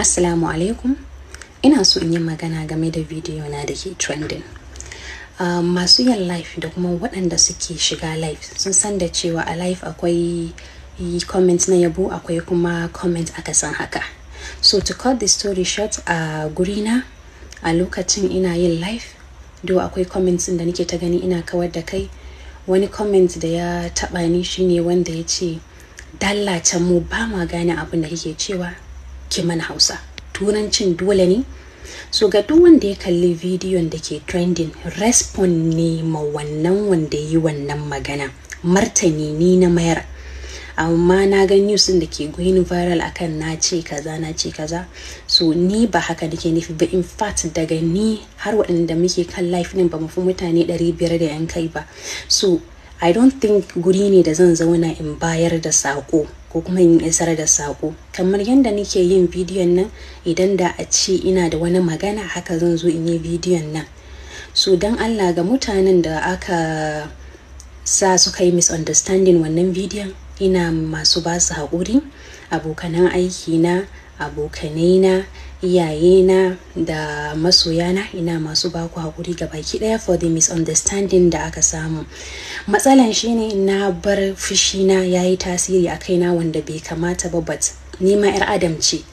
Assalamu alaikum ina so in yi magana game da bidiyo na da ke trending ah, masu yin live da kuma waɗanda suke shiga live sun san da cewa a live akwai comment na yabo akwai kuma comment san haka so to cut the story short a gurina a lokacin ina yin live do akwai comments da nake ta gani ina kawar da kai wani comment da ya taɓa ni shine wanda ya ce dalla mu ba ma gane abin da kike cewa ki mana hausa turancin dole ne so ga duk wanda ya kalli bidiyon da ke trending respond ne ma wannan wanda yi wannan magana martani ni na mayar amma na ga news da ke going viral akan na ce kaza na ce kaza so ni ba haka nake nufi ba in fact daga ni har waɗanda muke kan life din ba mu fi mutane 500 da yan kai ba so i don't think guri ne da zan zauna in bayar da sako. ko kuma in isar da saƙo kamar yadda nake yin bidiyon nan idan da a ce ina da wani magana haka zan zo in yi bidiyon nan so don allah ga mutanen da aka sa suka yi misunderstanding wannan bidiyon ina masu ba su haƙuri abokanan aiki na abokanai na iyayena da masoyana ina masu baku haƙuri ga baki ɗaya for the misunderstanding da aka samu matsalan shine na bar fushina ya yi tasiri a kaina wanda bai kamata ba but nima 'yar adam ce